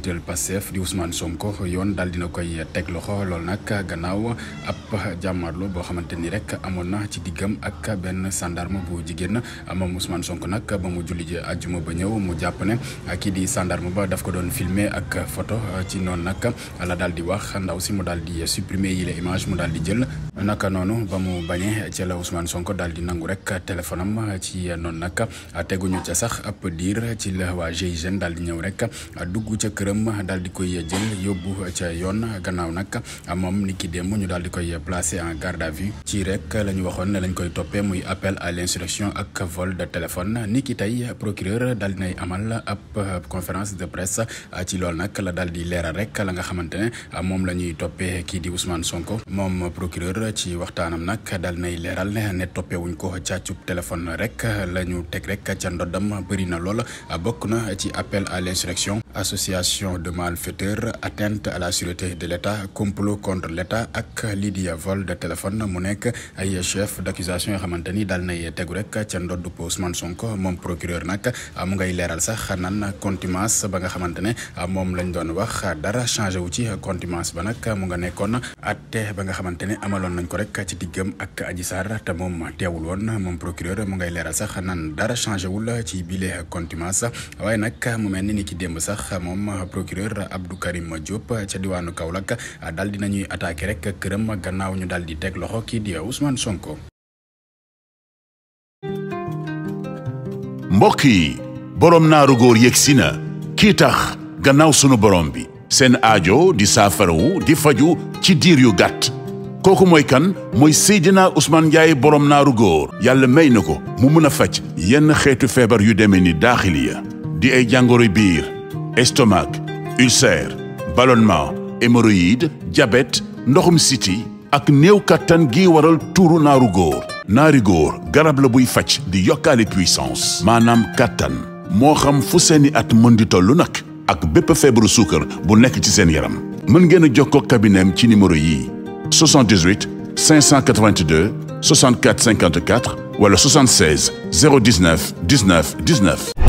njiital Pastef di Ousmane Sonko yoon daal dina koy teg loxo loolu nag gannaaw ab jàmmarloo boo xamante ni rek amoon na ci diggam ak benn sandarma bu jigéen moom Ousmane sonk nag ba mu julli ji ba ñëw mu jàpp ne ak kii di sandarma ba daf ko doon filmer ak photo ci noonu nag la daal di wax ndaw si mu daal di supprimer yile image mu daal di jël. naka noonu ba mu bañee ca la Ousmane Sonko daal di nangu rek téléphone am ci noonu nag teguñu ca sax ab diir ci la waa GIGN daal di ñëw rek dugg ca këram daal di koy jël yóbbu ca yoon gannaaw nag moom niki dém ñu daal di koy placé en garde à vue ci rek la ñu waxoon ne lañ koy toppee muy appel à l'insurrection ak vol de téléphone niki tey procureur daal di nay amal ab conférence de presse ci loolu nag la daal di leeral rek la nga xamante ne moom la ñuy toppee kii di Ousmane Sonko Ordre ci waxtaanam nag dal nay leeral ne toppewuñ ko càccub téléphone rek la ñu teg rek ca ndoddam bëri na lool bokk na ci appel à l'insurrection association de malfaiteurs atteinte à la sûreté de l'État complot contre l'État ak lii di vol de téléphone mu nekk ay chef d'accusation yoo xamante ni daal nay tegu rek ca ndodd bu Ousmane Sonko moom procureur nag ah, mu ngay leeral sax nan contimence ba nga xamante ne ah, moom lañ doon wax dara changé wu ci contimence ba nag mu nga nekkoon atte ba nga xamante ne amaloon nañ ko rek ci diggam ak aji Sarr te moom teewul woon moom procureur mu ngay leeral sax nan dara changé wul ci bile contumace waaye nag mu mel ni démb sax. moom procureur Abdou Karim Diop ca diwaanu Kaolack daal di nañuy attaqué rek këram gannaaw ñu daal di teg loxo kii di Ousmane Sonko. mbokk yi borom naaru góor yegg si na kii tax gannaaw sunu borom bi seen aajo di saafarawu di faju ci diir yu gàtt. kooku mooy kan mooy Seydina Ousmane Ndiaye borom naaru góor yàlla may na ko mu mën a faj yenn xeetu feebar yu demee ni daaxiliya di ay jàngoro biir estomac ulcère ballonnement hémorroïde jabet ndoxum siti ak néew kattan gi waral tuuru naaru góor naari góor garab la buy faj di yokkaale puissance maanaam kattan moo xam fu seeni at mën di toll nag ak bépp feebaru suukar bu nekk ci seen yaram mën ngeen a jokkoo kabineem ci numéro yi 78 582 64 54 wala 76 019 19 19